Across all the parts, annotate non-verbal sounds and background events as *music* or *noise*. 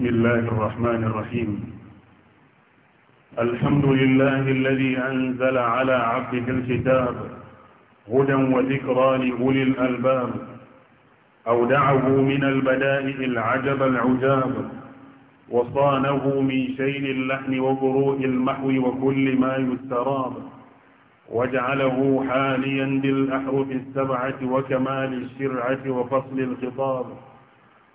بسم الله الرحمن الرحيم الحمد لله الذي أنزل على عبده الكتاب هدى وذكرى لأولي الألباب أودعه من البدائل العجب العجاب وصانه من شيل اللحن وبروء المحو وكل ما يستراب وجعله حاليا بالأحرف السبعة وكمال الشرعة وفصل الخطاب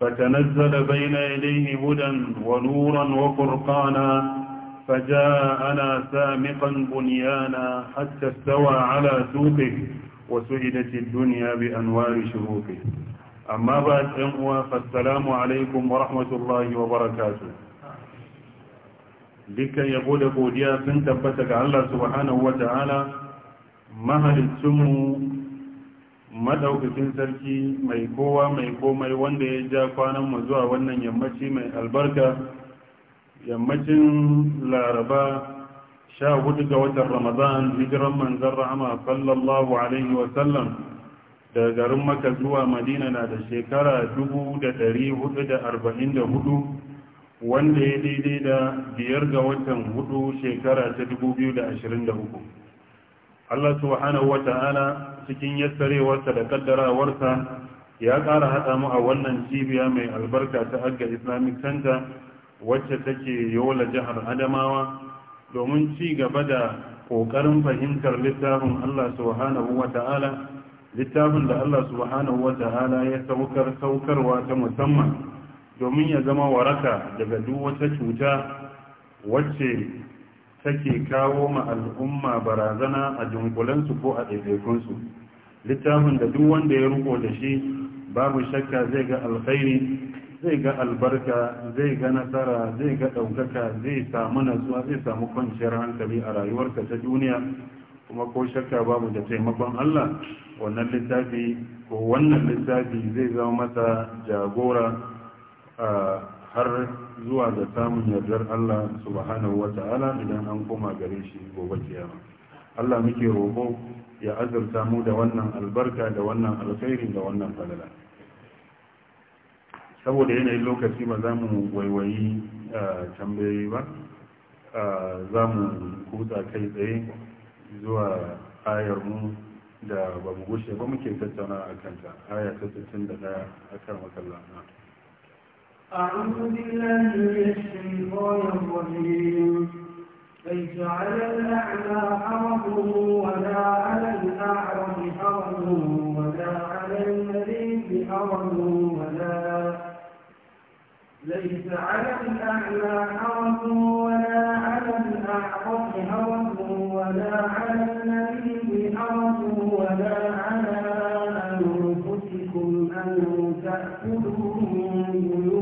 فتنزل بين يديه هدى ونورا وفرقانا فجاءنا سامقا بنيانا حتى استوى على سوقه وسعدت الدنيا بأنوار شروقه أما بعد إخوة فالسلام عليكم ورحمة الله وبركاته لكي يقول قوديا تبتك الله سبحانه وتعالى مهل السمو madaukakin sarki mai kowa mai komai wanda ya ja kwanan mu zuwa wannan yammaci mai albarka yammacin laraba sha hudu ga watan ramadan hijiran manzan rahama sallallahu alaihi wasallam da garin maka zuwa madina na da shekara hudu, wanda ya daidai da biyar ga watan hudu shekara ta 2023 Allah subhanahu wa ta'ala cikin yassarewarsa da kaddarawarsa ya ƙara haɗa mu a wannan cibiya mai albarka ta agga islamic center wacce take yola jihar adamawa domin ci gaba da ƙoƙarin fahimtar littafin allah subhanahu wa ta'ala littafin da allah subhanahu wa ta'ala ya saukar saukarwa ta musamman domin ya zama waraka daga duk wata cuta wacce take kawo ma al'umma barazana a junkulansu ko a ɗaiɗaikunsu littafin da duk wanda ya ruko da shi babu shakka zai ga alkhairi zai ga albarka zai ga nasara zai ga ɗaukaka zai samu nasuwa zai samu kwanciyar hankali a rayuwarka ta duniya kuma ko shakka babu da taimakon Allah wannan littafi ko wannan littafi zai zama masa jagora ah, har zuwa da samun yardar Allah subhanahu ta'ala idan an koma gare shi gobe kiyama Allah muke roƙo ya azurta mu da wannan albarka da wannan alkhairi da wannan falala saboda yanayin lokaci ba za mu waiwayi tambayoyi ba za mu kutsa kai tsaye zuwa ayar mu da ba mu gushe ba muke tattauna a kanta aya ta 61 a kan na. أعوذ بالله من الشيطان الرجيم ليس على الأعلى حرج ولا على الأعرج حرج ولا على المريض حرج ولا ليس على الأعلى حرج ولا على الأعرج حرج ولا على المريض حرج ولا على أنفسكم أن تأكلوا من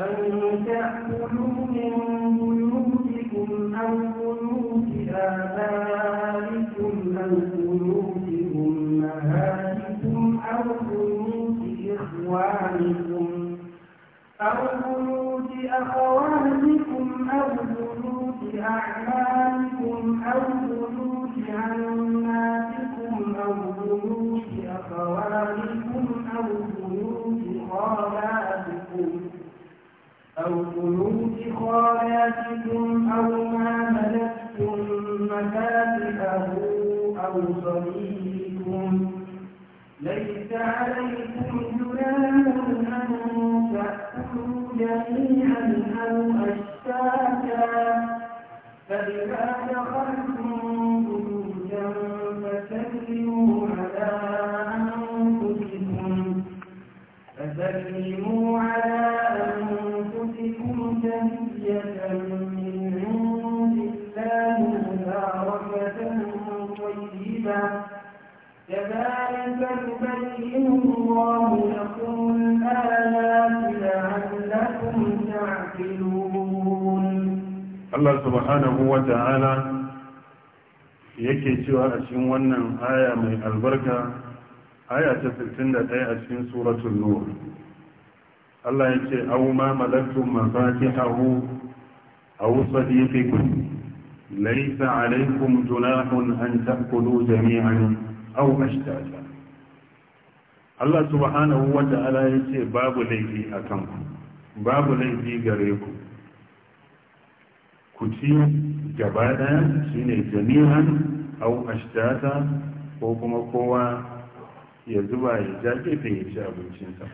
أن تأكلوا من بيوتكم أو بيوت آبائكم أو بيوت أمهاتكم أو بيوت إخوانكم أو بيوت أخوانكم أو بيوت عماتكم أو بيوت أخوانكم أو بيوت خالاتكم أو ما ملكتم مفاتحه أو صديقكم ليس عليكم جناح أن تأكلوا جميعا أو أشتاتا فإذا دخلتم بيوتا فسلموا على أنفسكم فسلموا على allah subhanahu الله لكم yake cewa a cikin wannan aya mai albarka aya ta 61 a cikin suratul nur Allah yake aw ma malakum mafatihahu aw sadiqikum laysa alaykum junahun an ta'kulu jami'an aw ashtata Allah subhanahu wa ta'ala yace babu laifi akan ku babu laifi gare ku ku ci gaba ɗaya shine jami'an au ashtata ko kuma kowa ya zuba ya jaƙe ta ya ci abincinsa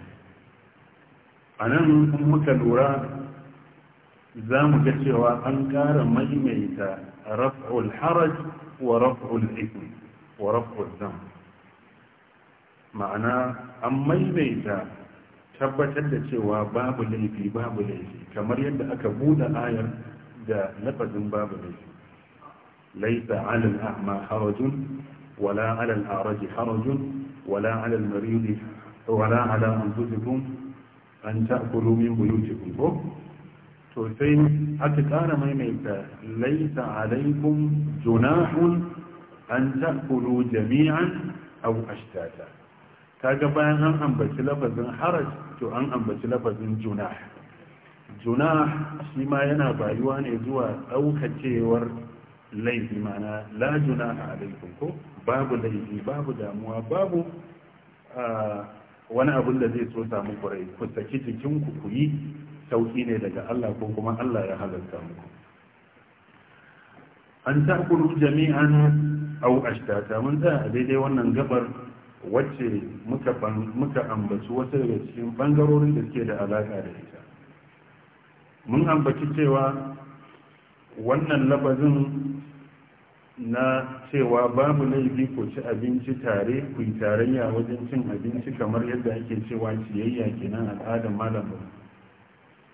a nan muka lura za mu ga cewa an ƙara maimaita raf'ul haraj wa raf'ul ikon wa rafu ma'ana an maimaita tabbatar da cewa babu laifi babu laifi kamar yadda aka buɗe ayar da lafazin babu laifi laisa alal a'ma harajun wala alal araji harajun wala alal maridi wala ala anfusikum an ta'kulu min buyutikum ko to sai aka ƙara maimaita laisa alaikum junahun an ta'kulu jami'an aw ashtata kaga bayan an ambaci lafazin haraj to an ambaci lafazin juna. Juna shi ma yana bayuwa ne zuwa daukacewar laifi mana la a alaikum ko babu laifi babu damuwa babu wani abin da zai so samu kurai ku saki jikinku ku yi sauki ne daga Allah ko kuma Allah ya halarta muku an ta'kulu jami'an au ashtata mun da a daidai wannan gabar wacce muka ambaci wasu daga cikin bangarorin da suke da alaƙa da ita mun ambaci cewa wannan labazin na cewa babu laifi ko ci abinci tare ku yi tarayya wajen cin abinci kamar yadda ake cewa ciyayya kenan al'adar malam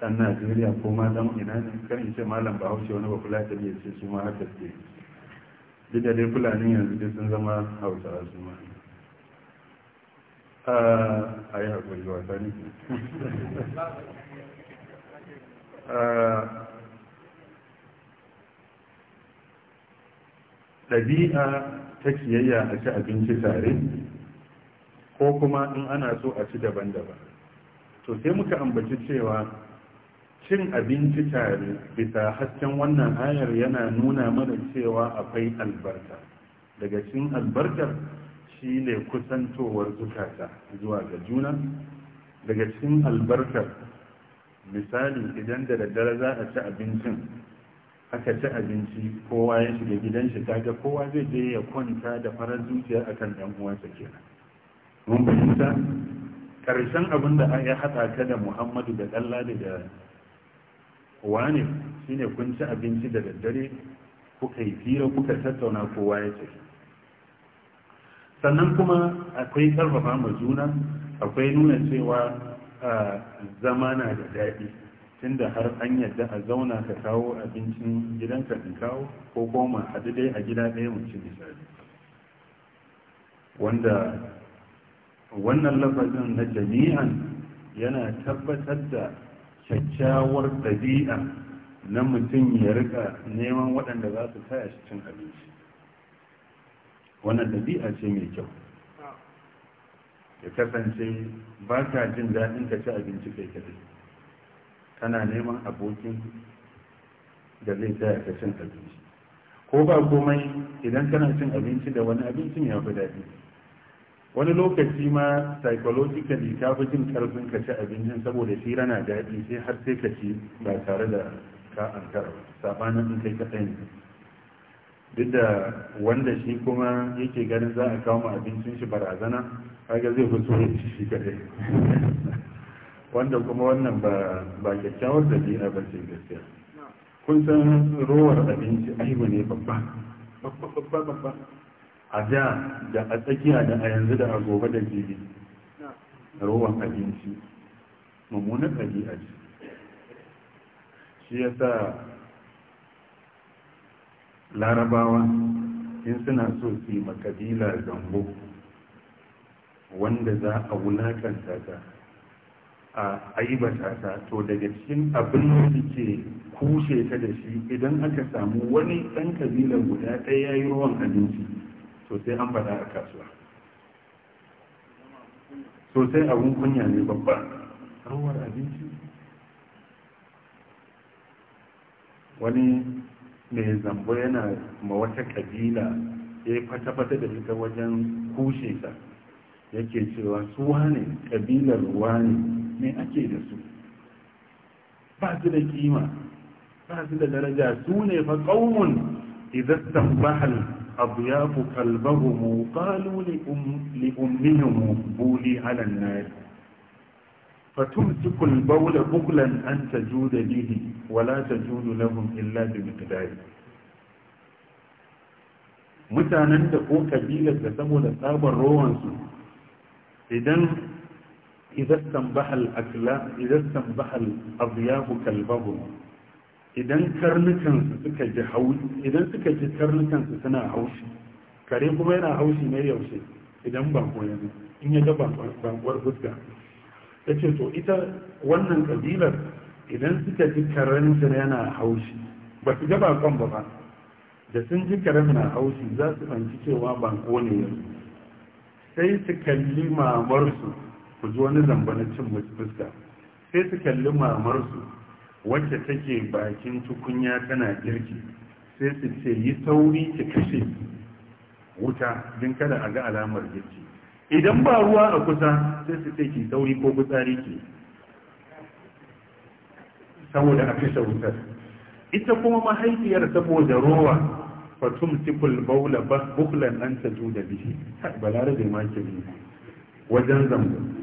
ɗan najeriya ko malam ina ne kan ce malam bahaushe wani kula ta ce su ma haka ce duk dai fulani yanzu dai sun zama hausa su ma a ah, yi haƙuri wasa ne *laughs* ah, ɗabi'a ta kiyayya a ci abinci tare ko kuma in ana so a ci daban-daban to sai muka ambaci cewa cin abinci tare bisa hasken wannan ayar yana nuna mana cewa akwai albarka daga cin albarkar shi ne kusantowar zukata zuwa ga juna daga cin albarkar misali idan da daddare za a ci abincin aka ci abinci kowa ya shiga gidan shi kaga kowa zai je ya kwanta da farar zuciya akan dan uwansa kenan mun fahimta karshen abin da ya haɗa ka da muhammadu da ɗalla da wane shine kun ci abinci da daddare kuka yi fira kuka tattauna kowa ya ce sannan kuma akwai karfafa ma juna akwai nuna cewa a zama na da daɗi tunda har an yadda a zauna ka kawo abincin gidanka in kawo ko koma haɗu dai a gida ɗaya mu ci misali wanda wannan lafazin na jami'an yana tabbatar da kyakkyawar ɗabi'a na mutum ya rika neman waɗanda za su taya shi cin abinci wannan ɗabi'a ce mai kyau ya kasance ba ka jin daɗin ka ci abinci kai kaɗai kana neman abokin da zai taya ka cin abinci ko ba komai idan kana cin abinci da wani abincin ya fi daɗi wani lokaci ma psychologically ta fi jin karfin ka ci abincin saboda shi rana daɗi sai har sai ka ci ba tare da ka an karo sabanin in kai kaɗai ne duk da wanda shi kuma yake ganin za a kawo abincin shi barazana kaga zai fi so ci shi kaɗai *laughs* wanda kuma wannan ba ba kyakkyawar dina ba ce gaskiya kun san rowar abinci aibu ne babba babba babba babba a da da a tsakiya da a yanzu da a gobe da jibi rowan abinci mummunan a ce shi ya sa larabawa in suna so su yi makabila zambo wanda za a wulaƙanta ta a aibata ta to daga cikin abin da suke kushe ta da shi idan aka samu wani ɗan kabila guda ɗaya ya yi ruwan abinci sosai an faɗa a kasuwa sosai abun kunya ne babba rawar abinci wani mai zambo yana ma wata kabila ya yi fata-fata da ita wajen kushe ta yake cewa su wane kabilar wane ne ake da su ba su da kima ba su da daraja su ne fa ƙaunin idan tambahal أضياف كلبهم قالوا لأم لأمهم بولي على النار فتمسك البول بغلا أن تجود به ولا تجود لهم إلا بمقدار mutanen da ko kabilar da saboda tsabar rowansu idan idan tambahal akla idan tambahal abu yahu kalbahu idan karnukansu suka ji haushi idan suka ji karnukansu suna haushi kare kuma yana haushi mai yaushe idan bako ya in ya ga bankwar fuska ya ce to ita wannan kabilar idan suka ji karensu yana haushi ba su ga bakon ba ba da sun ji karen na haushi za su fanci cewa bako ne yanzu sai su kalli mamarsu ku ji wani zamba na cin fuska sai su kalli mamarsu wacce take bakin tukunya tana girki sai su ce yi sauri ki kashe wuta din kada a ga alamar girki idan ba ruwa a kusa sai su ce ki sauri ko fitsari ki saboda a kashe wutar ita kuma mahaifiyar saboda rowa fatum tikul baula buklan an ta da bishi balarabe ma ke wajen zambo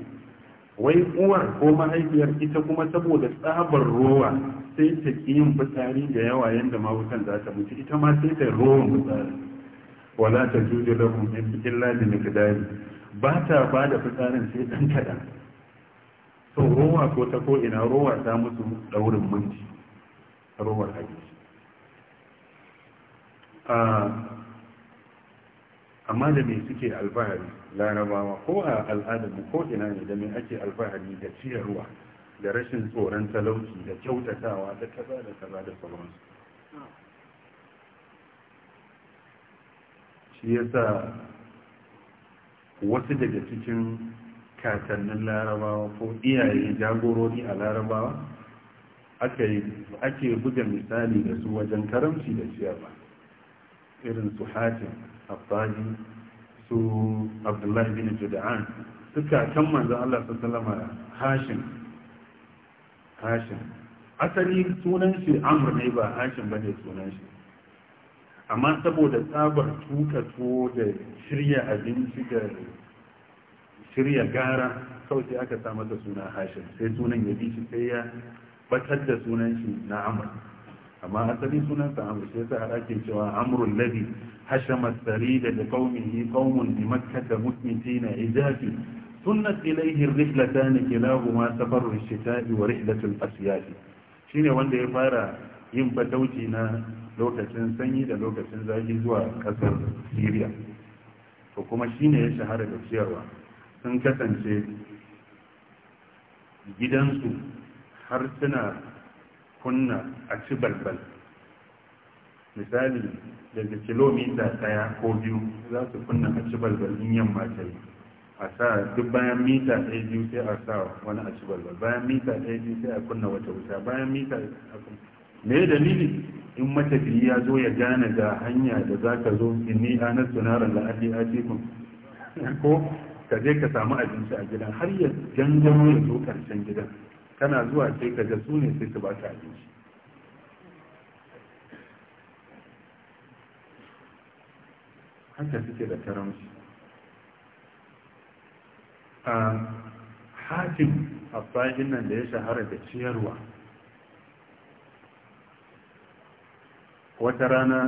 wai uwar ko mahaifiyar ita kuma saboda tsabar rowa sai ta ki yin fitsari da yawa yadda ma wutan za ta mutu ita ma sai ta rowan fitsari wala ta juje lahum Ladi bi miqdari ba ta ba da fitsarin sai dan kaɗan to rowa ko ta ko ina rowa ta musu daurin minti rowar hadisi ah, amma da me suke alfahari larabawa ko a al'adar mu ko ina ne da me ake alfahari da ciyarwa da rashin tsoron talauci da kyautatawa da kaza da kaza da sauransu shi yasa wasu daga cikin kakannin larabawa ko iyaye jagorori a larabawa ake buga misali da su wajen karamci da ciyarwa irin su hatin abbaji su abdullahi bin juda'an suka kan manzan Allah su salama Hashim Hashim asali sunan shi Amr ne ba Hashim ba ne sunan shi amma saboda tsabar tuka tuwo da shirya abinci da shirya gara kawai sai aka sa masa suna Hashim sai sunan ya bi shi sai ya batar da sunan shi na Amr amma asali sunansa amr shi yasa ake cewa amrul ladhi hashama sarida da qaumihi qaumun bi makkah musmitina ijafi sunnat ilayhi ar-rihlatan kilahuma safaru ash-shita'i wa rihlatu al-asyaf shine wanda ya fara yin fatauci na lokacin sanyi da lokacin zafi zuwa kasar Syria to kuma shine ya shahara da siyarwa sun kasance gidansu har suna kunna a ci balbal misali daga kilomita daya ko biyu za su kunna a ci balbal in yamma ta yi a sa duk bayan mita ɗaya biyu sai a sa wani a ci balbal bayan mita ɗaya biyu sai a kunna wata wuta bayan mita a kunna me dalili in matafiya ya zo ya gane da hanya da za ka zo inni anar tunarar da a cikin *laughs* ko ka je ka samu abinci a gidan har ya gangamo ya zo ƙarshen gidan kana zuwa sai ka ga su ne sai su baka abinci haka suke da karamci a a abbahin nan da ya shahara da ciyarwa wata rana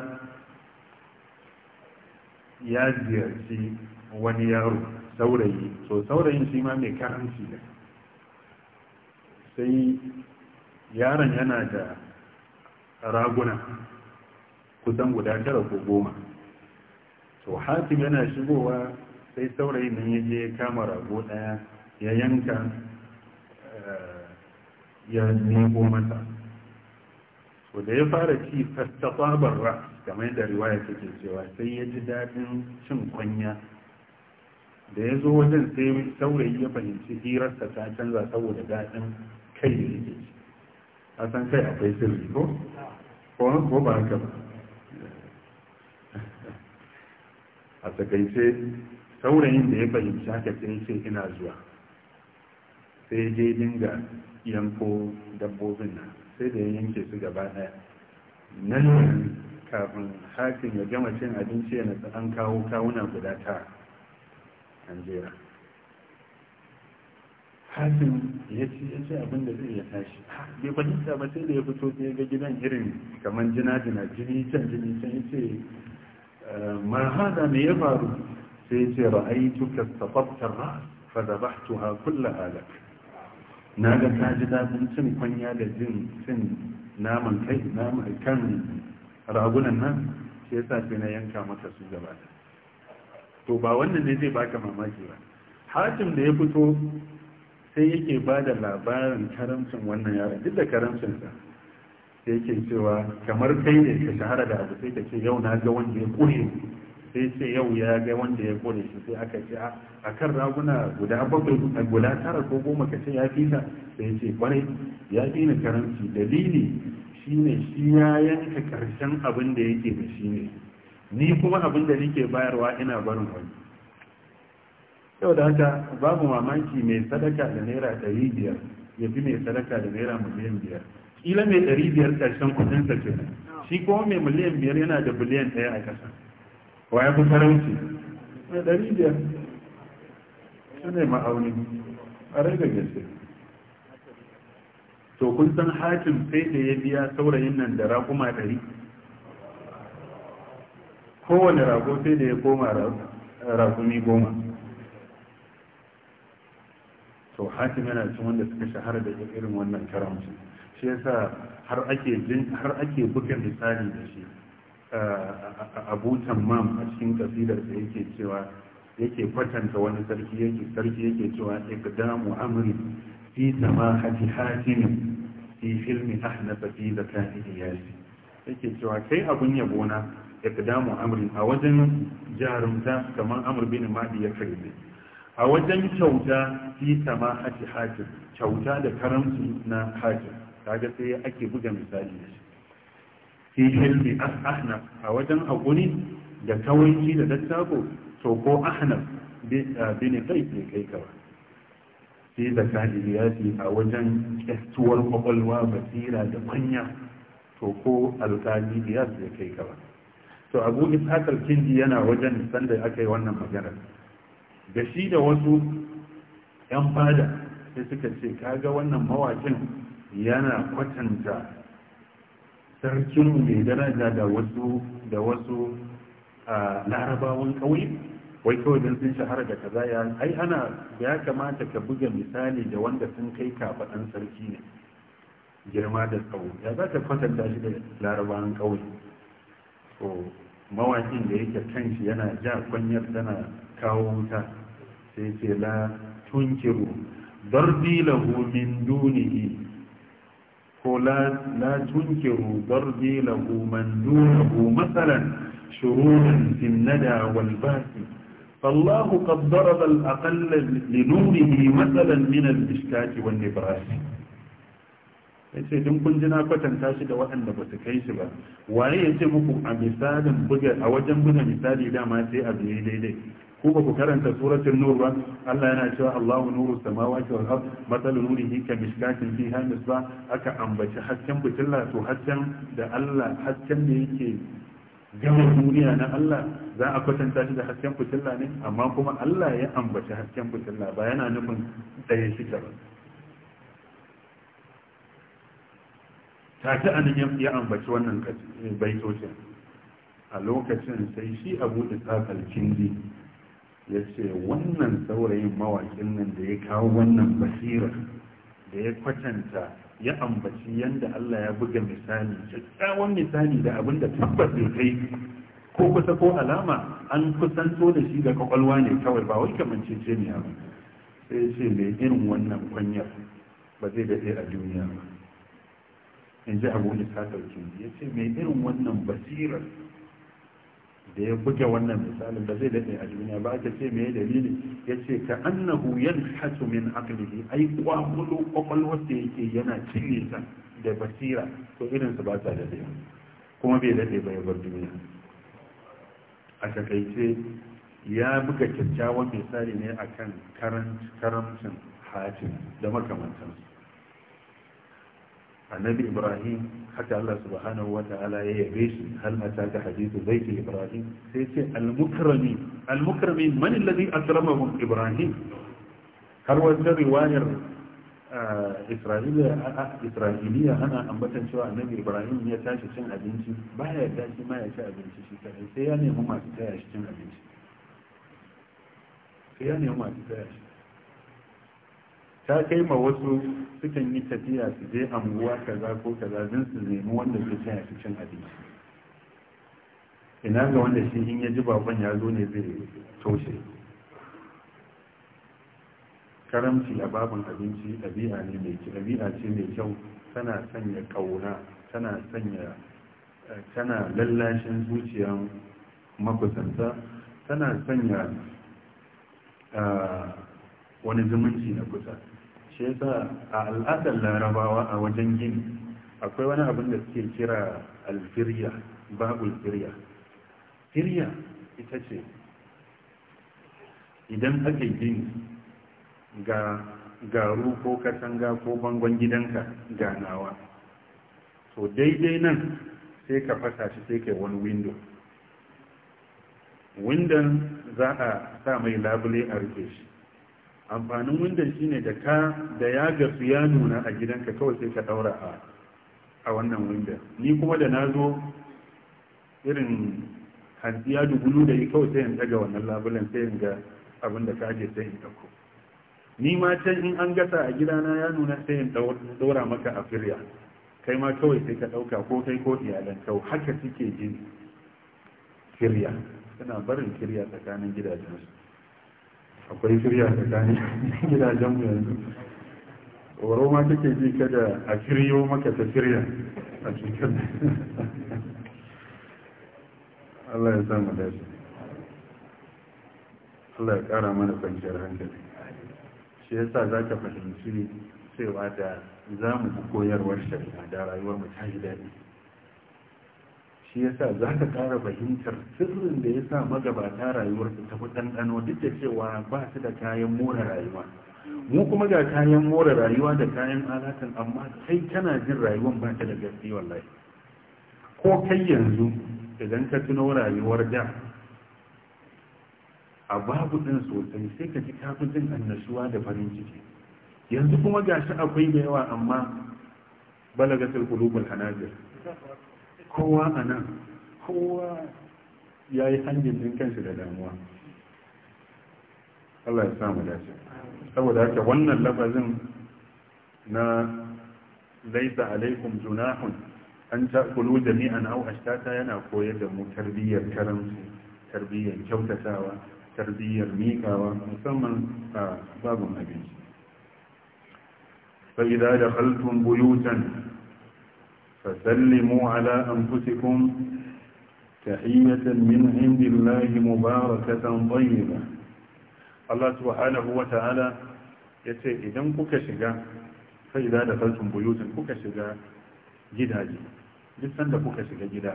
ya ziyarci wani yaro saurayi so saurayin shi ma mai karanci ne sai yaron yana da raguna kusan guda tara ko goma to hakim yana shigowa sai saurayin nan ya je kama rago ɗaya ya yanka eh, ya nemo mata so da ya fara ci fastafabar ra kamar yadda riwaya take cewa sai ya ji daɗin cin kwanya da ya zo wajen sai saurayi ya fahimci hirarsa ta canza saboda daɗin kai ne a san kai akwai sirri ko ko ba haka ba a takaice saurayin da ya fahimci haka sai ce ina zuwa sai je dinga yanko dabbobin nan sai da ya yanke su gaba daya nan kafin hakin ya gama cin abinci yana an kawo kawuna guda tara an jera kafin ya ci ya ce abin da zai ya tashi bai fahimta ba sai da ya fito sai ga gidan irin kamar jina jina jini can jini can ya ce eh, marhada mai ya faru sai ya ce ra'ayi ka tafaftar ra fa da dabahtuha kulla halak na ga ta ji dadin cin kwanya da jin cin naman kai naman kan ragunan nan ya sa sai na yanka maka su gaba to ba wannan ne zai baka mamaki ba hatim da ya fito sai yake ba da labarin karamcin wannan yaron duk da karamcinsa sai yake cewa kamar kai ne ka shahara da abu sai ka ce yau na ga wanda ya kure sai ce yau ya ga wanda ya kure shi sai aka ce a kan raguna guda bakwai a guda tara ko goma ka ce ya fi ta sai ce kwarai ya fi ni karamci dalili shine shi ya yanka karshen abin da yake da shi ne ni kuma abin da nake bayarwa ina barin wani yau da haka babu mamaki mai sadaka da naira ɗari biyar ya fi mai sadaka da naira miliyan biyar ƙila mai ɗari biyar ƙarshen kuɗinsa kenan shi kuma mai miliyan biyar yana da biliyan ɗaya a ƙasa wa ya fi farauci mai ɗari biyar shi ne ma'auni a rai da gaske to kun san hakim sai da ya biya saurayin nan da raƙuma ɗari kowane rago sai da ya koma raƙumi goma hatim yana cikin wanda suka shahara da irin wannan karamci shi yasa har ake jin har ake buga misali da shi butan mam a cikin kasidar da yake cewa yake kwatanta wani sarki yake sarki yake cewa iqdamu amri fi samahati hatim fi filmi ahnasa fi zakati yasi yake cewa kai abun yabona iqdamu amri a wajen jarumta kamar amr bin madi ya karbe a wajen kyauta fi sama haji hajjin kyauta da karamsu na hajjin kaga sai ake buga misali da shi fi hilmi ahna a wajen haƙuri da kawanci da dattako to ko ahna bin kai ne kai kawa fi zakali ya fi a wajen kyastuwar kwakwalwa basira da manya to ko alƙali biyar ya kai kawa to abu ishakar kindi yana wajen sanda aka yi wannan maganar da shi da wasu 'yan fada sai suka ce kaga wannan mawakin yana kwatanta sarkin mai daraja da wasu da wasu a larabawan ƙauye wai kawai don sun shahara da kaza ya ai ana ya kamata ka buga misali da wanda sun kai kafaɗan sarki ne girma da tsawo ya za ka kwatanta shi da larabawan ƙauye to mawakin da yake kan shi yana ja kwanyar tana kawo wuta sai ce la tunkiru darbi lahu min dunihi ko la tunkiru darbi lahu man dunahu matsalan شرورا في الندى والباسي فالله قد ضرب الأقل لنوره مثلا من المشكات والنبراس yace din kun ji na kwatanta shi da waɗanda ba su kai shi ba waye yace muku a misalin buga a wajen buga misali dama sai a biye daidai ko ba ku karanta suratul nur ba Allah yana cewa Allahu nuru samawati wal ard matalu nurihi ka mishkatin fiha misbah aka ambaci hasken fitilla to hasken da Allah hasken da yake gama duniya na Allah za a kwatanta shi da hasken fitilla ne amma kuma Allah ya ambaci hasken fitilla ba yana nufin ɗaya shi ta ba take anan ya ambaci wannan eh, baitocin a lokacin sai shi abu da tsakalcin ya ce wannan saurayin mawakin nan da ya kawo wannan basirar da ya kwatanta ya ambaci yadda Allah ya buga misali kyakkyawan misali da abin da tabbas bai kai ko kusa ko alama an kusanto da shi ga kwakwalwa ne kawai ba wai kamar cece ne ba sai ce mai irin wannan kwanyar ba zai daɗe a duniya ba in ji abu isa ɗauki ya ce mai irin wannan basirar da ya buge wannan misalin ba zai daɗe a duniya ba aka ce mai dalili ya ce ka annahu yan hasu min aqlihi ai kwakwalo kwakwalwar da yake yana cinye ta da basira ko irin su ba ta daɗe kuma bai daɗe ba ya bar duniya a takaice ya buga kyakkyawan misali ne akan karamcin hajji da makamantansu النبي إبراهيم حتى الله سبحانه وتعالى يبيش هل أتاك حديث بيت إبراهيم سيتي المكرمين المكرمين من الذي أكرمهم إبراهيم هل وزن رواية آه، إسرائيلية آه، آه، إسرائيلية هنا أنبتا شواء النبي إبراهيم يتاشي شن أبنتي بها يتاشي ما يشاء أبنتي شيء سيعني هما تتاشي شن أبنتي سيعني هما تتاشي ta kai ma wasu sukan yi tafiya su je anguwa kaza ko kaza don su nemi wanda ke cin su cin abinci ina ga wanda shi in ya ji baban ya zo ne zai toshe karamci a babin abinci ɗabi'a ne mai kyau ɗabi'a ce mai kyau tana sanya ƙauna tana sanya tana lallashin zuciyan makusanta tana sanya ah, wani zumunci na kusa shi yasa a al'adar larabawa a wajen gini akwai wani abin da suke kira alfirya babul firya firya ita ce idan aka yi gini ga garu ko katanga ko bangon gidanka ganawa to daidai nan sai ka fasa shi sai kai wani windo windon za a sa mai labule a rufe shi amfanin wundan shine da ka da ya ya nuna a gidanka kawai sai ka daura a wannan wundan ni kuma da na zo irin hantsi ya dubulu da yi kawai sai in daga wannan labulan sai in ga abin da ka sai in dauko ni ma can in an gasa a gidana ya nuna sai in daura maka a firya kai ma kawai sai ka dauka ko kai ko iyalan kau haka suke yin firya suna barin firya tsakanin gidajensu akwai shirya tsakanin gidajenmu yanzu waro ma take ji kada a shiryo maka ta shirya a cikin Allah ya samu dace Allah ya kara mana kwanciyar hankali shi ya sa za ka fahimci cewa da za mu koyarwar shari'a da rayuwar mu ta yi daɗi shi yasa za ka ƙara fahimtar sirrin da ya sa magabata rayuwar ta fi ɗanɗano duk da cewa ba su da kayan more rayuwa mu kuma ga kayan more rayuwa da kayan alatan amma kai kana jin rayuwar ba ta da gaske wallahi ko kai yanzu idan ka tuno rayuwar da a babu ɗin sosai sai ka ji kafin jin annashuwa da farin ciki yanzu kuma gashi akwai da yawa amma balagatul qulubul hanajir kowa a nan kowa ya yi hangin din kanshi da damuwa Allah ya samu dace saboda haka wannan lafazin na laisa alaikum junahun an ta'kulu jami'an aw ashtata yana koyar da mu tarbiyyar karanci tarbiyyar kyautatawa tarbiyyar mikawa, musamman a babin abinci fa da dakhaltum buyutan فسلموا على أنفسكم تحية من عند الله مباركة طيبة الله سبحانه وتعالى yace idan kuka shiga sai da da falsun buyutun kuka shiga gidaje duk sanda kuka shiga gida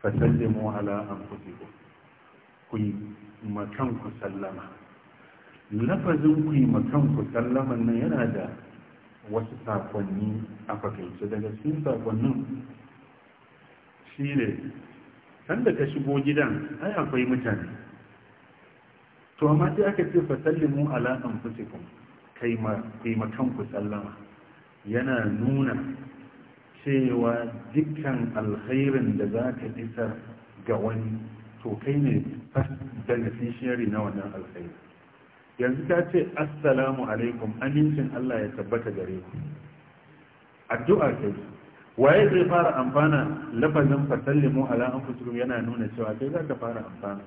fa sallimu ala anfusikum ku yi ku sallama lafazin ku kan ku sallaman nan yana da wasu sakonni a fakaice daga cikin sakonnin shi ne sanda ta shigo gidan ai akwai mutane to amma sai aka ce fasallimu ala anfusikum kai ma kai ma kanku sallama yana nuna cewa dukkan alkhairin da za ka isar ga wani to kai ne da beneficiary na wannan alkhairi yanzu ta ce assalamu alaikum amincin Allah ya tabbata gare ku addu'a kai waye zai fara amfana lafazin fasallimu ala anfusikum yana nuna cewa kai zaka fara amfana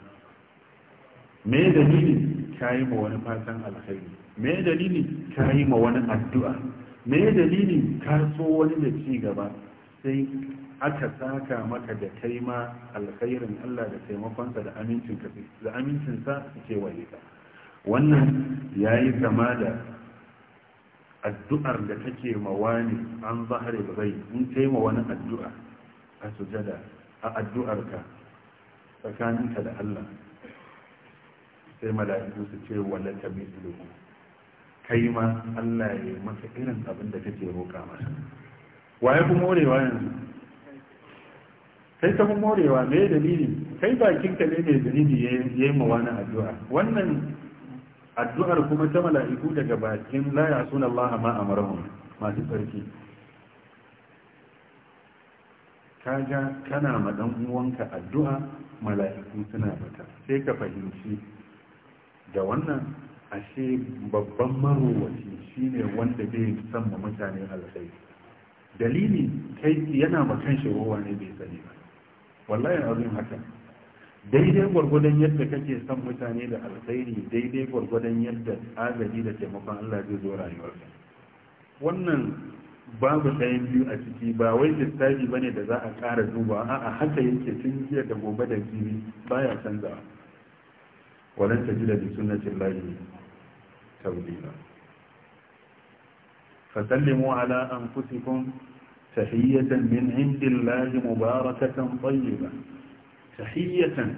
me dalili kayi ma wani fatan alkhairi me dalili kayi ma wani addu'a me dalili ka so wani da ci gaba sai aka saka maka da kai ma alkhairin Allah da taimakonsa da ka da sa ke waye ka wannan ya yi kama da addu'ar da take mawani an zahare bai in kai ma wani addu'a a sujada a addu'arka tsakaninka da Allah sai mala'iku su ce wala ta misluhu kai ma Allah ya yi masa irin abin da take roƙa masa waye ku morewa yanzu kai ta ku morewa me dalili kai bakin ka ne mai dalili yayi ma wani addu'a wannan addu'ar kuma ta mala'iku daga bakin laya ya suna Allah ma amarahum masu tsarki kaga kana ma dan uwanka addu'a mala'iku suna fata, sai ka fahimci da wannan ashe babban marowaci shine wanda bai san ma mutane alkhairi dalili kai yana ma kan shi ne bai sani ba wallahi azumin haka daidai gwargwadon yadda kake son mutane da alkhairi daidai gwargwadon yadda agaji da taimakon Allah zai zo rayuwarka wannan babu ɗayan biyu a ciki ba wai lissafi bane da za a ƙara duba a'a haka yake tun jiya da gobe da jibi baya canza wannan ta ji da bi sunnatin lahi tawdila sallimu ala anfusikum tahiyatan min indillahi mubarakatan tayyiba tahiyatan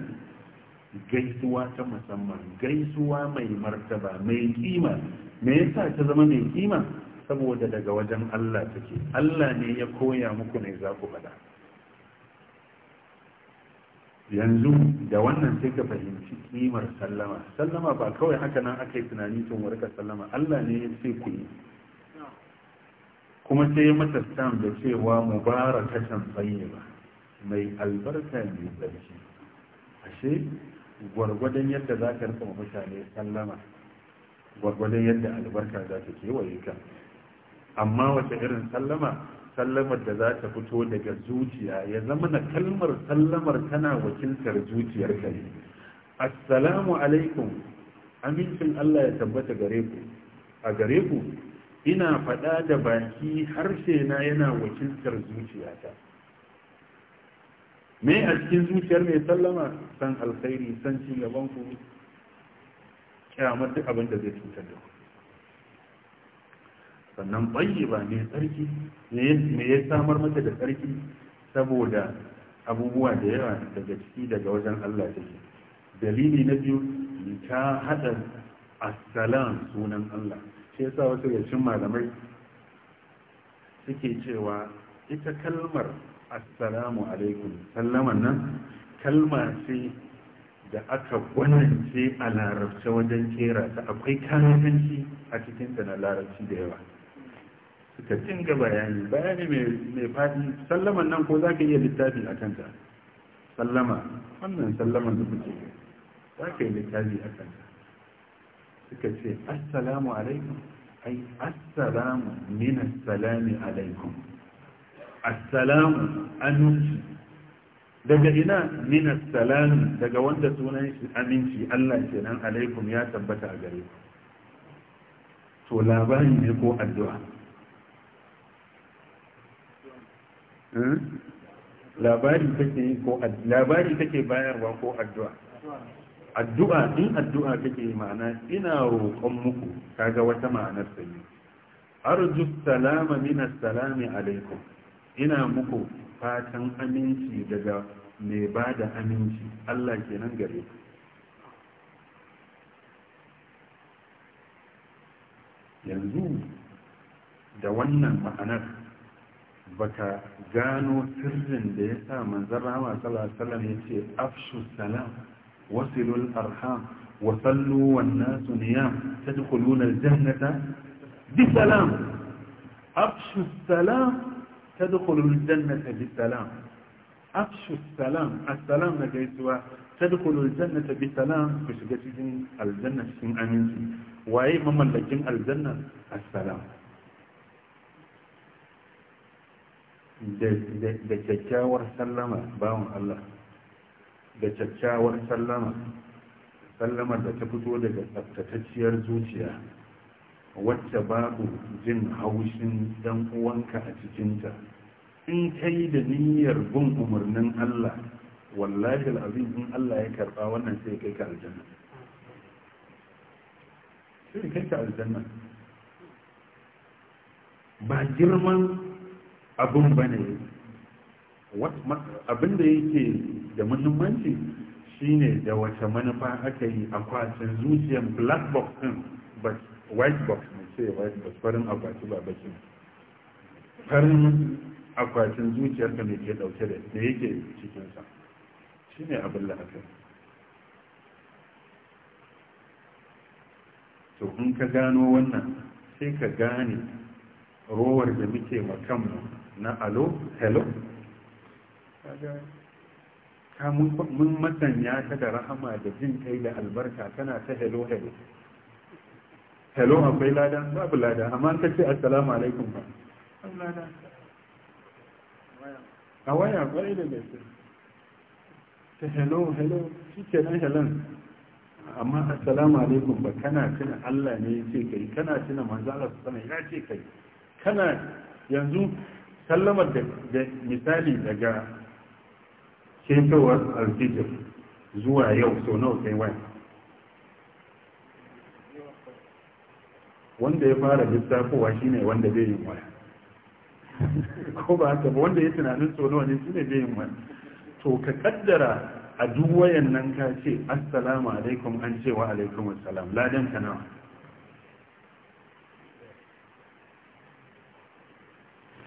gaisuwa ta musamman gaisuwa mai martaba mai kima me yasa ta zama mai kima saboda daga wajen Allah take Allah ne ya koya muku ne za ku faɗa yanzu da wannan sai ka fahimci kimar sallama sallama ba kawai haka nan aka yi tunani tun warka sallama Allah ne ya ce ku yi kuma sai mata stamp da cewa mubarakatan tayyiba ba mai albarka mai tsarki ashe gwargwadon yadda za ka rika mutane sallama gwargwadon yadda albarka za ta kewaye ka amma wace irin sallama sallamar da za ta fito daga zuciya ya zama na kalmar sallamar tana wakiltar zuciyar ka ne assalamu alaikum amincin Allah ya tabbata gare ku a gare ku ina faɗa da baki harshe na yana wakiltar zuciyata me a cikin zuciyar mai sallama san alkhairi san ci gaban ku kyamar duk abin da zai cutar da ku sannan ba mai tsarki me ya samar mata da tsarki saboda abubuwa da yawa daga ciki daga wajen Allah ta ke, dalili na biyu ta hada assalam sunan Allah shi yasa wasu yashin malamai suke cewa ita kalmar assalamu alaikum sallaman nan kalma ce da aka gwanance a larabci wajen kera ta akwai kananci a cikinta na larabci da yawa suka cinga bayani bayani mai faɗi sallaman nan ko za ka iya littafi a kanta sallama wannan sallaman da kuke za ka yi littafi a kanta suka ce assalamu alaikum ai assalamu minas salami alaikum السلام aminci daga ina min salam daga wanda sunan shi aminci Allah kenan alaikum ya tabbata a gare ku to labari ne ko addu'a hmm? labari take yi ko labari take bayarwa ko addu'a addu'a in addu'a take yi ma'ana ina roƙon muku kaga wata ma'anar sai arju salama min salami alaikum ina muku fatan aminci daga mai ba da aminci Allah kenan gare ku yanzu da wannan ma'anar baka gano sirrin da ya sa manzan rama salasalam ya ce afshu salam wasilul arham wasallu wannan suniyam ta dukkulunar jannata bisalam afshu salam تدخل الجنة بسلام أفشو السلام السلام نجيسوا تدخل الجنة بسلام كشكتش الجنة شن أمين وأي مما لجن الجنة السلام دكاكا سلامة باو الله دكاكا سلامة سلما دكاكوتو دكاكا تتشير زوجيا wacce babu jin haushin dan uwanka a cikinta in ka yi da niyyar bin umarnin Allah wallahi al'azim in Allah ya karba wannan sai kai ka aljanna sai kai ka aljanna ba girman abin ba ne abin da yake da muhimmanci shine da wace manufa aka yi akwatin zuciyar black box din ba white box ne ce white box farin akwatin ba bakin farin akwatin zuciyarka ne ke dauke da da yake cikinsa sa shine abin aka to in ka gano wannan sai ka gane rowar da muke makammu na alo hello ka mun masanya ta da rahama da jin kai da albarka tana ta hello hello hello akwai lada babu lada amma ka ce assalamu alaikum ba a waya kwarai da gaske ta hello hello shi ke nan helen amma assalamu alaikum ba kana tuna allah ne ya ce kai kana tuna manzara su sana ya ce kai kana yanzu sallamar da misali daga shekawar alfijir zuwa yau so nawa kai waya wanda ya fara lissafowa shine wanda bai yin wani, ko ba haka ba wanda ya tunanin so ne shine bai yin wani, to ka kaddara a duk wayan nan ka ce assalamu alaikum an ce wa alaikum assalam ladan ka nawa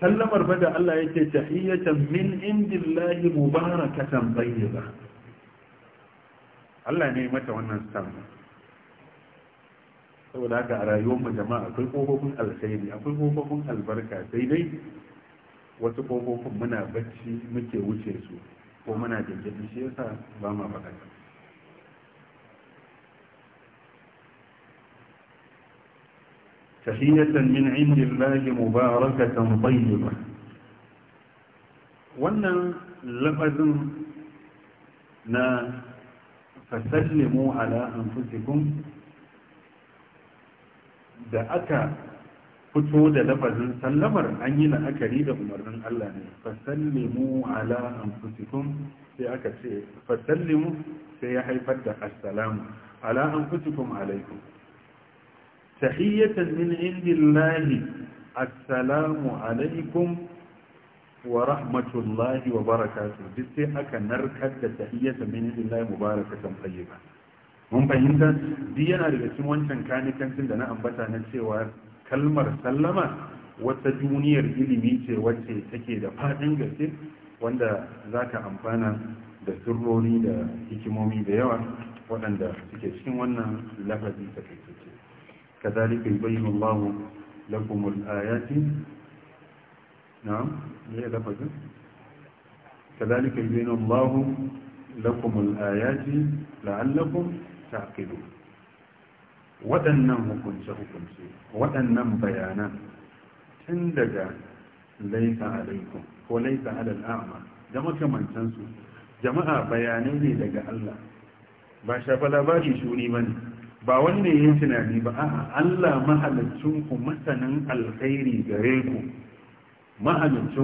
sallamar ba da Allah yake tahiyyatan min indillahi mubarakatan tayyiba Allah ne mata wannan sallama saboda haka a rayuwar mu jama'a akwai kofofin alkhairi akwai kofofin albarka sai dai wasu kofofin muna bacci muke wuce su ko muna jinjiri shi yasa ba ma faɗa tahiyatan min indillahi mubarakatan tayyiba wannan lafazin na fasallimu ala anfusikum da aka fito da lafazin sallamar an yi la'akari da umarnin Allah ne fasallimu ala anfusikum sai aka ce fasallimu sai ya haifar da assalamu ala anfusikum alaikum tahiyyatan min indillahi assalamu alaikum wa rahmatullahi wa barakatuh duk sai aka narkar da tahiyyatan min indillahi mubarakatan tayyiba mun fahimta duk yana daga cikin wancan kanikancin da na ambata na cewa kalmar sallama wata duniyar ilimi ce wacce take da faɗin gaske wanda za ka amfana da sirrori da hikimomi da yawa waɗanda suke cikin wannan lafazi ta kai كذلك يبين الله ayati na'am ne هي لفظة كذلك يبين الله لكم الآيات waɗannan hukunce hukunce waɗannan bayanan tun daga laisa alaikum ko laisa alal da makamantansu jama'a bayanai ne daga Allah ba shafa labari shuni ba ne ba wanne yin tunani ba a Allah ku masanin alkhairi gare ku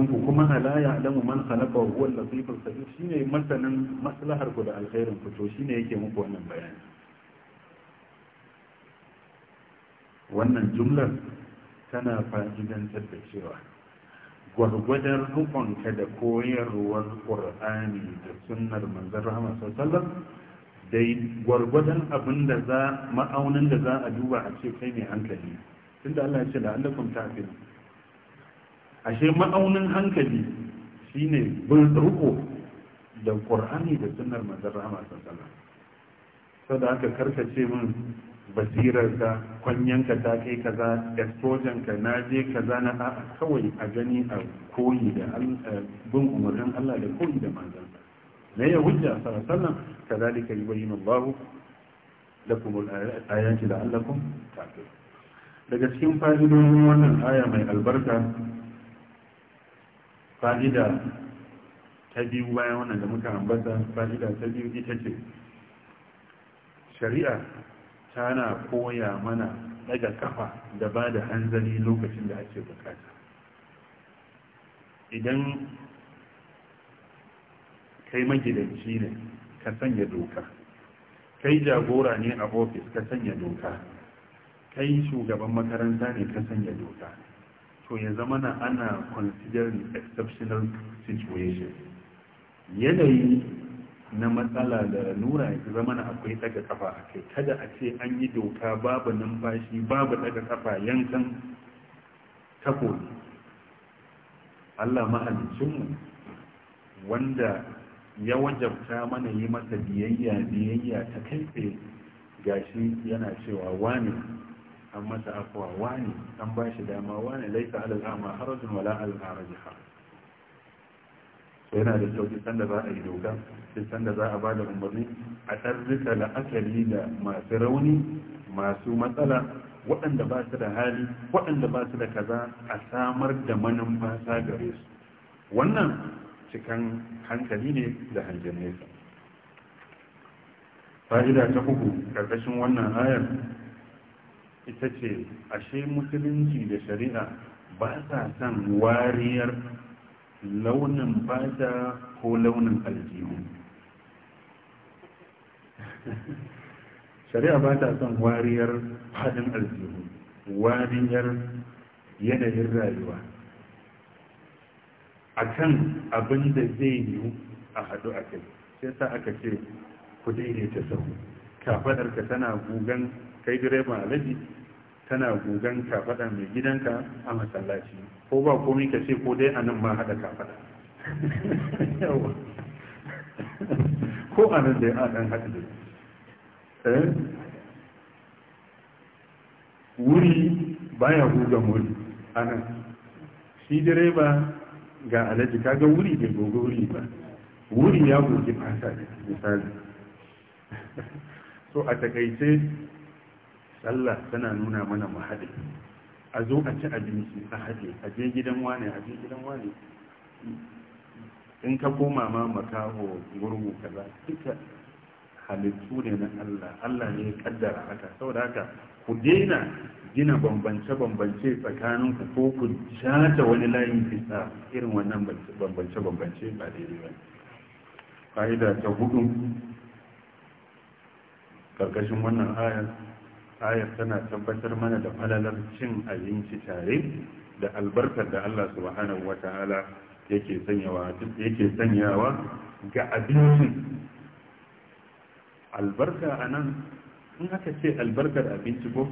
ku kuma ala ya alamu man khalaqa wa huwa al khabir shine masanin maslahar ku da alkhairin ku to shine yake muku wannan bayani wannan jumlar tana fa'idantar da cewa gwargwadon rukunka da koyarwar ƙur'ani da sunar manzan rahama sallallahu da gwargwadon abin da za ma'aunin da za a duba a ce kai mai hankali tunda Allah ya ce da Allah kun ashe ma'aunin hankali shine bin ruko da ƙur'ani da sunar manzan rahama sallallahu da aka karkace min basirarka kwanyanka ta kai kaza exposure ka na je kaza na a kawai a gani a koyi da bin umarnin Allah da koyi da manzon na ya hujja sallallahu sallam kazalika yubayyinu Allah lakum da ayati kun tafi. daga cikin fa'idodin wannan aya mai albarka fa'ida ta biyu bayan wannan da muka ambata fa'ida ta biyu ita ce shari'a tana koya mana daga kafa da ba da hanzari lokacin da ake bukata idan kai magidanci ne ka sanya doka kai jagora ne a ofis ka sanya doka kai shugaban makaranta ne ka sanya doka to ya zama na ana considering exceptional situation yanayi na matsala da nura ya zama na akwai daga kafa a kai kada a ce an yi doka babu numfashi babu daga kafa yankan tako Allah mahalicinmu wanda ya wajabta mana yi masa biyayya biyayya ta kai tsaye gashi yana cewa wani an masa afuwa wani an ba shi dama wani laisa alal harajin wala al harajin yana da kyau sanda za a yi doka sai sanda za a ba da umarni a ɗarrika la'akari da masu rauni masu matsala waɗanda ba su da hali waɗanda ba su da kaza a samar da manumfasa gare su wannan cikan hankali ne da hangen nesa fa'ida ta hukun ƙarƙashin wannan ayar ita ce ashe musulunci da shari'a ba sa san wariyar launin fata ko launin aljihu shari'a ba ta son wariyar fadin aljihu wariyar yanayin rayuwa a kan abin da zai yi a haɗu a kai sai sa aka ce ku daidaita sau. kafadarka tana gugan kai direba alaji tana gugan kafada mai gidanka a masallaci ko ba komi ka ce ko dai anan ma haɗa kafada ko anan dai a dan hada dai eh? wuri baya gugan wuri anan. shi direba ga alaji kaga wuri bai gogo wuri ba wuri ya goge fasa misali *laughs* so a takaice Allah tana nuna mana mu a zo a ci abinci a haɗe a je gidan wane a je gidan wane in ka koma ma makaho gurgu kaza duka halittu ne na Allah Allah ne ya kaddara haka saboda haka ku daina gina bambance-bambance tsakanin ku ko ku shata wani layin fisa irin wannan bambance-bambance ba daidai ba fa'ida ta hudu karkashin wannan ayar ayar tana tabbatar mana da falalar cin abinci tare da albarkar da Allah subhanahu wata'ala yake sanyawa yake sanyawa ga abincin albarka anan in aka ce albarkar abinci ko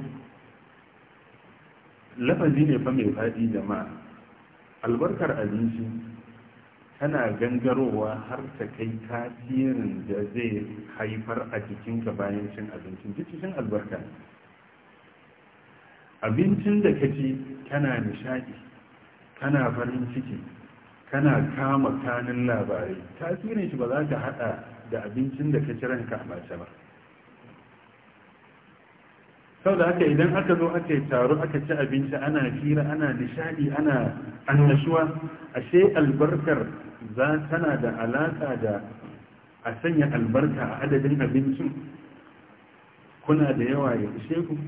lafazi ne fa mai faɗi jama'a albarkar abinci tana gangarowa har ta kai tasirin da zai haifar a jikinka bayan cin abincin cikin albarka ne abincin da ka ci kana nishaɗi kana farin ciki kana kama kanin labarai tasirin shi ba za ka haɗa da abincin da ka ci ranka a mace ba sau da haka idan aka zo aka yi taro aka ci abinci ana fira ana nishaɗi, ana annashuwa ashe albarkar za tana da alaƙa da a sanya albarka a adadin abincin kuna da yawa ya ishe ku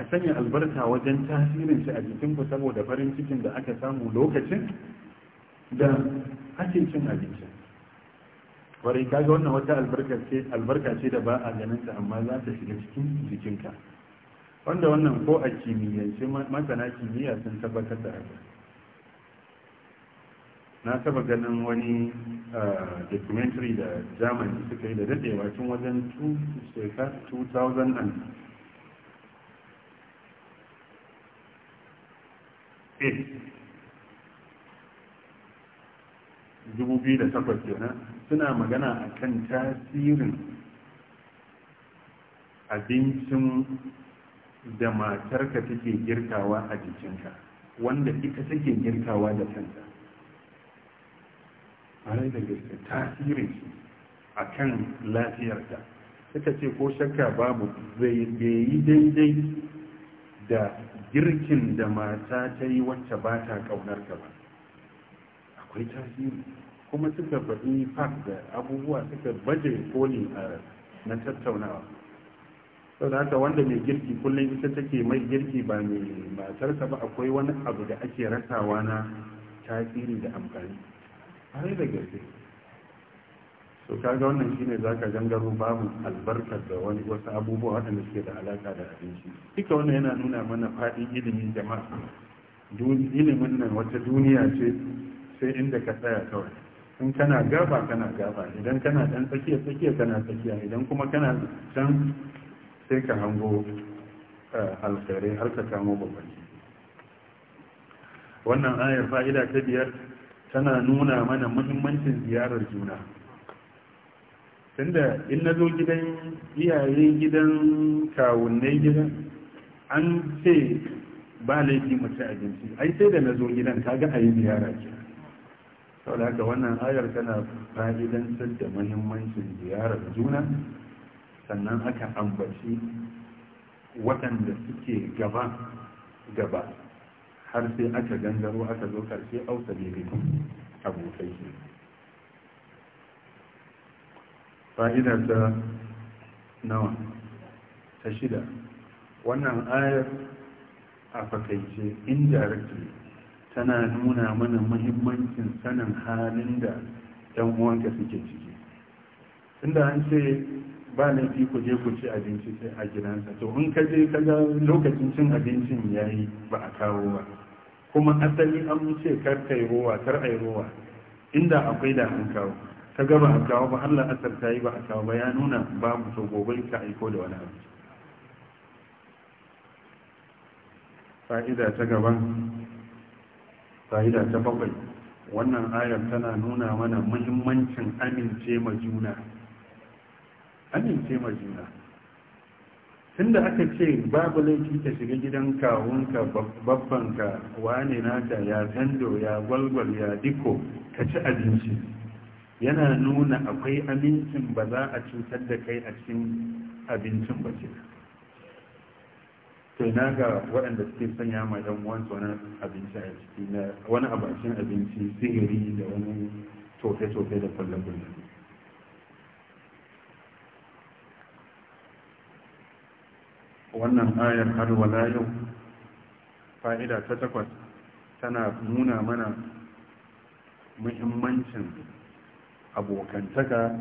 a sanya albarka wajen tasirin shi a jikinku saboda farin cikin da aka samu lokacin da ake cin abinci kwarai kaga wannan wata albarka ce da ba a ganin ta amma za ta shiga cikin jikinka wanda wannan ko a kimiyyance masana kimiyya sun tabbatar da haka na taba ganin wani ah, documentary da Jamani suka yi da dadewa tun wajen 2009. 2008 kenan suna magana a kan tasirin abincin da matarka take girkawa a jikinka wanda ita take girkawa da kanta a da gaske tasirin shi a kan lafiyarta suka ce ko shakka babu zai yi daidai da girkin da mata ta yi wacce ba ta kaunar ka ba akwai tasiri kuma suka faɗi fak da abubuwa suka baje koli a na tattaunawa sau da haka wanda mai girki kullum ita take mai girki ba mai matarsa ba akwai wani abu da ake rasawa na tasiri da amfani har da gaske to kaga wannan shine zaka gangaro babu albarkar da wani wasu abubuwa waɗanda suke da alaka da abinci duka wannan yana nuna mana faɗin ilimin jama'a ilimin nan wata duniya ce sai inda ka tsaya kawai in kana gaba kana gaba idan kana dan tsakiya tsakiya kana tsakiya idan kuma kana can sai ka hango eh, alkhairai har ka kamo babban wannan ayar fa'ida ta biyar tana nuna mana muhimmancin ziyarar juna tunda in na zo gidan iyaye gidan kawunnai gidan an ce ba laifi mace abinci ai sai da na zo gidan ta a yi ziyara ke sau da haka wannan ayar tana fa'idantar da mahimmancin ziyarar juna sannan aka ambaci waɗanda suke gaba gaba har sai aka gangaro aka zo karshe ausa ne abokai fa'ida ta nawa ta shida wannan ayar a fakaice indirectly tana nuna mana mahimmancin sanin halin da 'yan uwanka suke ciki tunda an ce ba laifi ku je ku ci abinci sai a gidansa to in ka je ka ga lokacin cin abincin ya yi ba a kawo ba kuma asali an ce kar ka yi rowa kar a yi rowa inda akwai da an kawo Ta gaba a kawo ba har la'asar ta yi ba a kawo ba ya nuna mu so gobe ka aiko da wani abu fa'ida ta gaban fa'ida ta bakwai wannan ayar tana nuna mana muhimmancin amince ma juna amince ma juna tunda aka ce babu laifi ka shiga gidan kawunka babbanka wane nata ya zando, ya gwalgwal ya diko ka ci abinci yana nuna akwai amincin ba za a cutar da kai a cikin abincin ba ce sai na ga waɗanda suke sanya ma ɗan wansu wani abinci a ciki na wani abacin abinci sihiri da wani tofe-tofe da kwallon kwalle wannan ayar har wala yau fa'ida ta takwas tana nuna mana muhimmancin abokantaka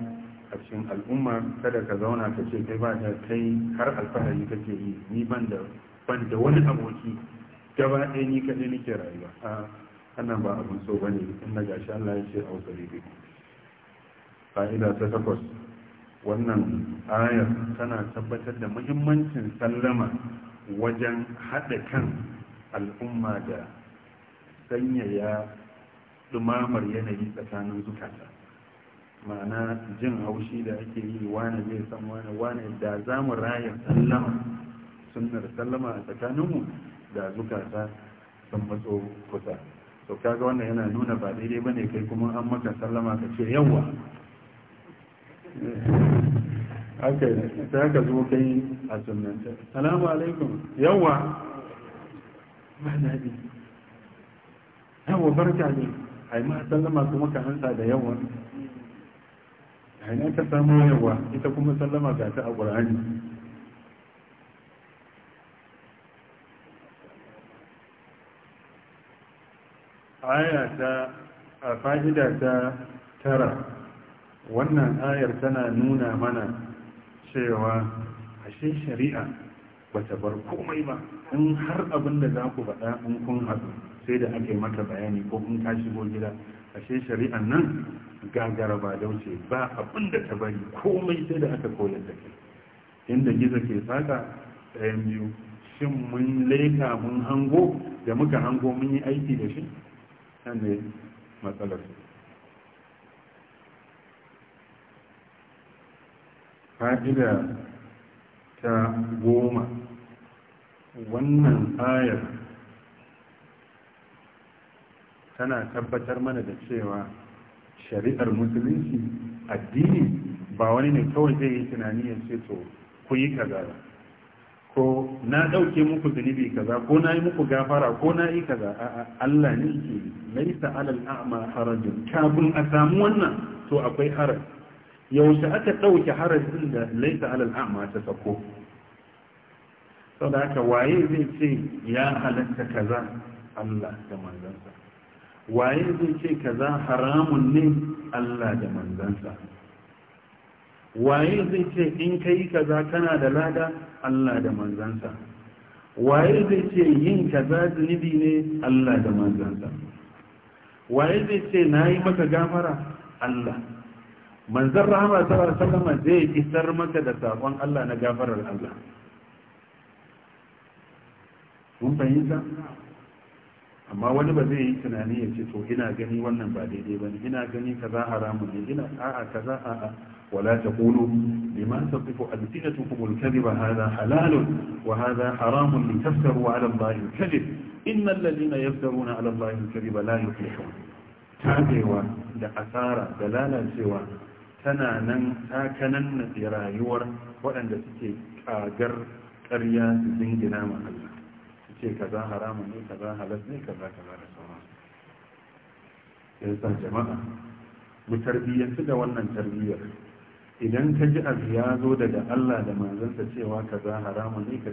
a cikin al'umma kada ka zauna ka ce kai ba ta kai har alfahari kake yi ni ban da ban da wani aboki gaba ɗaya ni kaɗai nake rayuwa a annan ba abin so bane in na gashi Allah ya ce ausari bi fa'ida ta takwas wannan ayar tana tabbatar da muhimmancin sallama wajen haɗa kan al'umma da sanyaya dumamar yanayi tsakanin zukata ma'ana jin haushi da ake yi wane zai san wane wane da za mu raya sallama sunnar sallama a tsakaninmu da zukata sun matso kusa to kaga wannan yana nuna ba daidai bane kai kuma an maka sallama ka ce yawa eh, aka ta ka zo kai a sunnanta salamu alaikum yawa ba na bi yawa barka ne a yi ma sallama kuma ka hansa da yawa a ina ta samu yawa ita kuma sallama ga ta a ƙwararri aya ta a fa'ida ta tara wannan ayar tana nuna mana cewa shi shari'a bata bar komai ba in har abin da za ku faɗa in kun haɗu sai da ake mata bayani ko in ka shigo gida ashe shari'an nan gagara ba wuce ba abinda ta bari komai sai da aka koyar da kai inda gizo ke saka ɗayan biyu shin mun leka mun hango da muka hango mun yi aiki da shi nan ne matsalar su fa'ida ta goma wannan ayar tana tabbatar mana da cewa shari'ar musulunci addini ba wani ne kawai zai yi tunani ya ce to ku yi kaza ko na ɗauke muku zunubi kaza ko na yi muku gafara ko na yi kaza Allah ne ke laisa alal a'ma harajin kafin a samu wannan to akwai haraj yaushe aka ɗauke harajin da laisa alal a'ma ta sako sau da haka waye zai ce ya halatta kaza Allah da manzansa waye zai ce kaza haramun ne Allah da manzansa waye zai ce in kai kaza kana da lada Allah da manzansa waye zai ce yin kaza zunubi ne Allah da manzansa waye zai ce nayi maka gafara Allah manzan rahama sallallahu alaihi zai isar maka da sakon Allah na gafarar Allah mun fahimta amma wani ba zai yi tunani ya ce to ina gani wannan ba daidai ba ne ina gani kaza haramun ne ina a'a kaza a'a wala ta taqulu liman tasifu alsinatukum alkadhiba hadha halalun wa hadha haramun litaftaru ala allahi alkadhib inna alladhina yaftaruna ala allahi alkadhiba la yuflihun tabewa da asara da lalacewa tana nan takanan na rayuwar waɗanda suke kagar ƙarya su dingina ma Allah ce kaza haramun ne kaza halas ne kaza kaza da ya yasa jama'a mu tarbiyyantu da wannan tarbiyyar idan ka ji abu ya zo daga Allah da manzansa cewa kaza haramun ne ka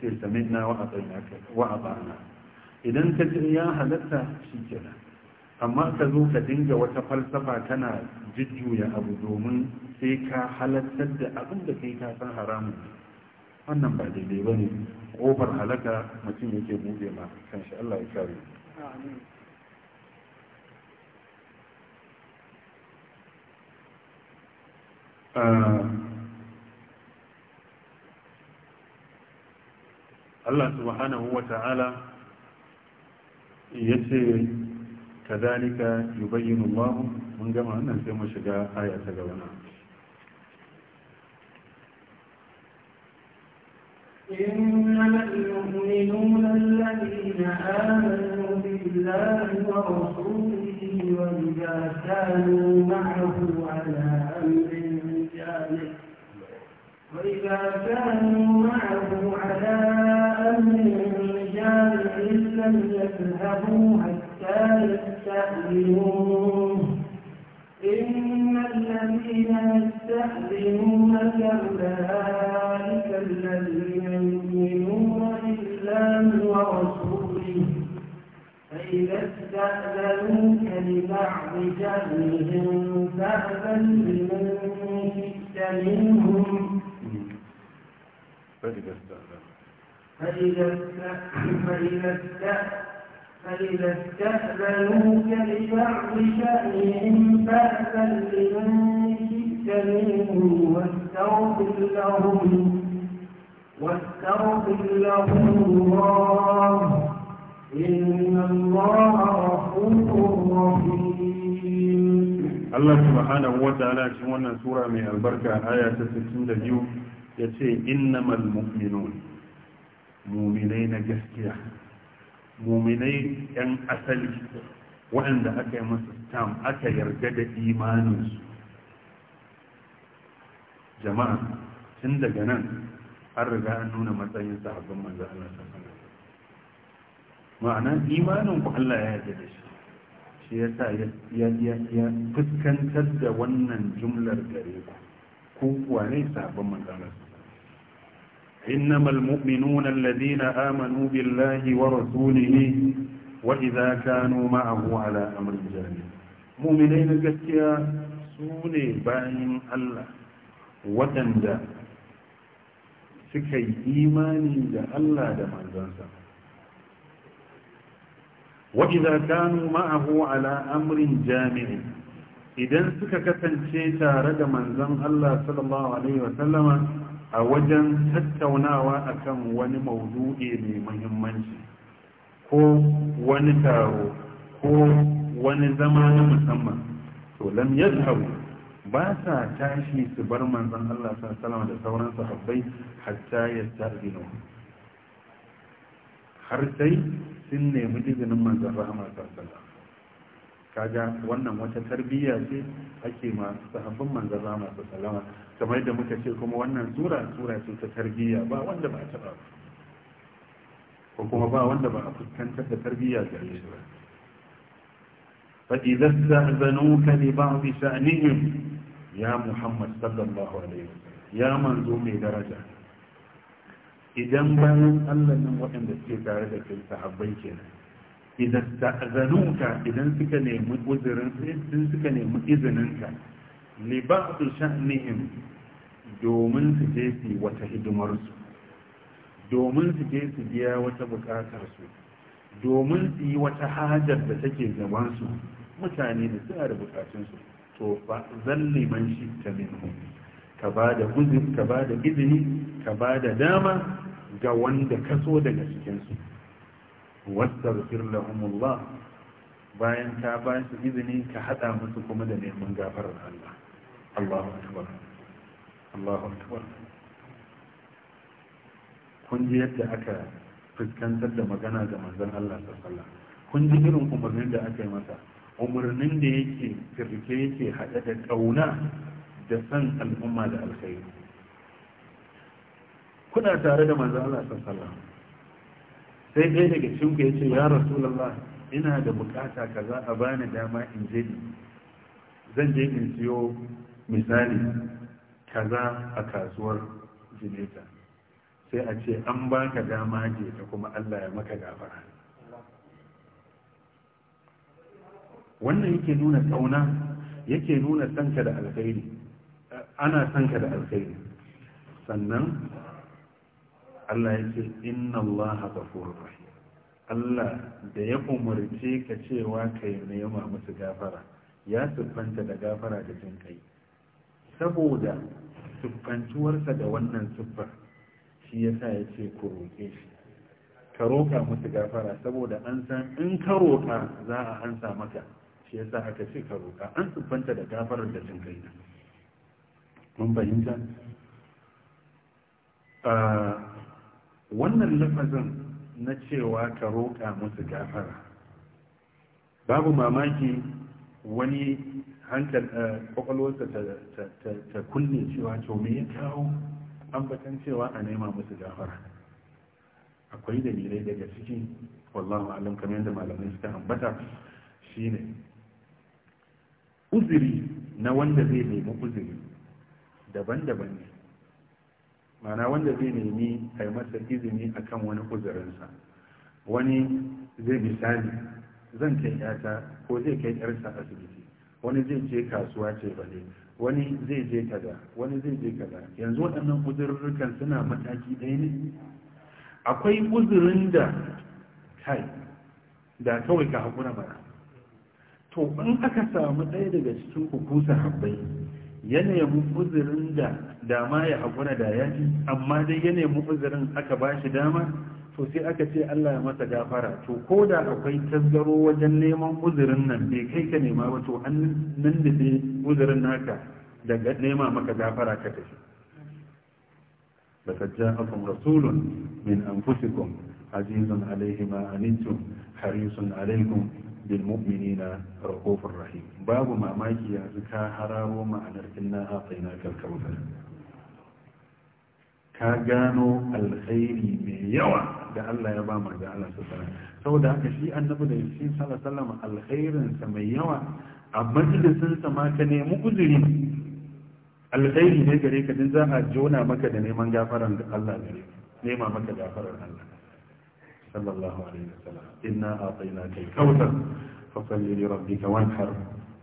ce sami'na wa atayna wa abana idan ka ji ya halatta shikenan amma ka zo ka dinga wata falsafa kana jujjuya abu domin sai ka halattar da abin da kai ka san haramun ne wannan ba daidai ba ne ƙofar halaka mutum yake buɗe ma kanshi Allah ya kare ah. Allah subhanahu wa ta'ala ya ce ka yubayyinu Allah mun gama wannan sai mu shiga aya ta gaba إنما المؤمنون الذين آمنوا بالله ورسوله وإذا كانوا معه على أمر جامع وإذا كانوا معه على أمر جامع لم يذهبوا حتى يستأذنوه إن الذين يستأذنونك أولئك استأذنوك لبعض جهلهم فأذن لمن شئت منهم فإذا استأذنوك فإذا استأذنوك لبعض شأنهم فأذن لمن شئت منهم واستغفر لهم واستغفر لهم الله Allah subhanahu wa ta'ala cikin wannan sura mai albarka aya ta 62 yace innamal mu'minun mu'minai na gaskiya mu'minai yan asali waɗanda aka yi masa stam aka yarda da imaninsu jama'a tun daga nan an riga an nuna matsayin sahabban manzo Allah ma'ana imanin ku Allah ya yarda da shi shi yasa ya ya fuskantar da wannan jumlar gare ku ku wane sabon manzalar إنما المؤمنون الذين آمنوا بالله ورسوله وإذا كانوا معه على أمر جانب مؤمنين قتيا سوني باين الله وتندى سكي إيماني دا الله دا منزل وإذا كانوا معه على أمر جامع إذن سككة شيتا رد من زم الله صلى الله عليه وسلم أوجا تتونا وأكم ون موضوع بمهمنش هو ونتارو هو ونزمان مسمى ولم يذهبوا باسا تاشي سبر su bar manzon Allah sallallahu da sauran sahabbai hatta ya tsargino har sai sun nemi izinin manzan sassala kaga wannan wata tarbiyya ce ake masu sahabbin manzan rahama sassala kamar da muka ce kuma wannan sura sura ce ta tarbiyya ba wanda ba a taɓa ko kuma ba wanda ba a fuskantar da tarbiyya gare shi ba فإذا استأذنوك لبعض شأنهم يا محمد صلى الله عليه وسلم يا منزوم درجة idan bayan Allah nan waɗanda suke tare da kai sahabbai kenan idan ta'zanuka idan suka nemi uzurin idan suka nemi izininka li ba'd sha'nihim domin su je su wata hidimar su domin su je su biya wata bukatar su domin su yi wata hajar da take gaban su mutane da suna da bukatun su to ba zalli man shi ta minhum ka ba da izini ka ba da dama ga wanda ka so daga cikinsu wastaghfir lahumullah bayan ta ba su izini ka hada musu kuma da neman gafarar Allah Allahu akbar Allahu akbar kun ji yadda aka fuskantar da magana ga manzon Allah sallallahu kun ji irin umarnin da aka yi masa umarnin da yake firke yake hada da kauna da san al'umma da alkhairi kuna tare da manzo Allah sallallahu sai ɗaya daga cikin ku yace ya rasulullah ina da bukata kaza a bani dama in je zan je in siyo misali kaza a kasuwar jineta sai a ce an baka dama je ta kuma Allah ya maka gafara wannan yake nuna tsauna yake nuna sanka da alkhairi ana sanka da alkhairi sannan Allah ya ce inna Allah ghafurur rahim Allah da ya umarce ka cewa kai nema musu gafara ya siffanta da gafara da jin kai saboda siffantuwarsa da wannan siffar shi yasa ya ce ku roƙe shi ka roƙa musu gafara saboda an san in ka roƙa za a ansa maka shi yasa aka ce ka roƙa an siffanta da gafarar da jin kai mun fahimta ah, wannan lafazin na cewa ka roƙa musu gafara babu mamaki wani hankal kwakwalwarsa eh, ta kulle cewa to me ya kawo ambatan cewa a nema musu gafara akwai dalilai daga ciki wallahu alam kamar yadda malamai suka ambata shine uzuri na wanda zai nemi uzuri daban-daban ne mana wanda zai nemi a yi masa izini a kan wani uzurinsa wani zai misali zan kai yata ko zai kai yarsa asibiti wani zai je kasuwa ce bane wani zai je kaza wani zai je kaza yanzu waɗannan uzurrukan suna mataki ɗaya ne akwai uzurin da kai da kawai ka haƙura ba to in aka samu ɗaya daga cikin kukusa habbai yanayin uzurin da dama ya haƙura da ya ji amma dai ya nemi aka ba shi dama to sai aka ce Allah ya masa gafara to ko da akwai tasgaro wajen neman uzirin nan bai kai ka nema ba to an nan da sai uzirin naka daga nema maka gafara ka tafi لقد جاءكم رسول من أنفسكم عزيز عليه ما أنتم حريص عليكم بالمؤمنين رؤوف رحيم باب ما ماكي يا زكا حرام معنى إنا أعطيناك الكوثر ka gano alkhairi mai yawa da Allah ya ba da Allah sallallahu saboda haka shi annabi da shi sallallahu alaihi alkhairin mai yawa a majalisin sa ma ka nemi uzuri alkhairi ne gare ka din za a jona maka da neman gafaran Allah gare nema maka gafaran Allah sallallahu alaihi wasallam inna a'tainaka al-kautsar fasalli li rabbika wanhar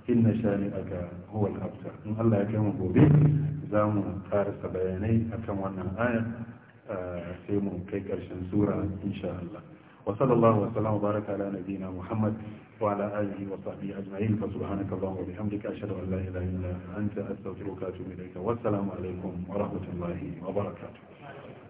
inna shani'aka huwa al-abtar in Allah ya kai mu gobe za mu karasa bayanai akan wannan aya eh, sai mu kai karshen sura insha Allah wa sallallahu wa sallam baraka ala nabiyina Muhammad wa ala alihi wa sahbihi ajma'in fa subhanaka allahumma wa bihamdika ashhadu an la ilaha illa anta astaghfiruka wa atubu ilayka wa assalamu wa rahmatullahi wa barakatuh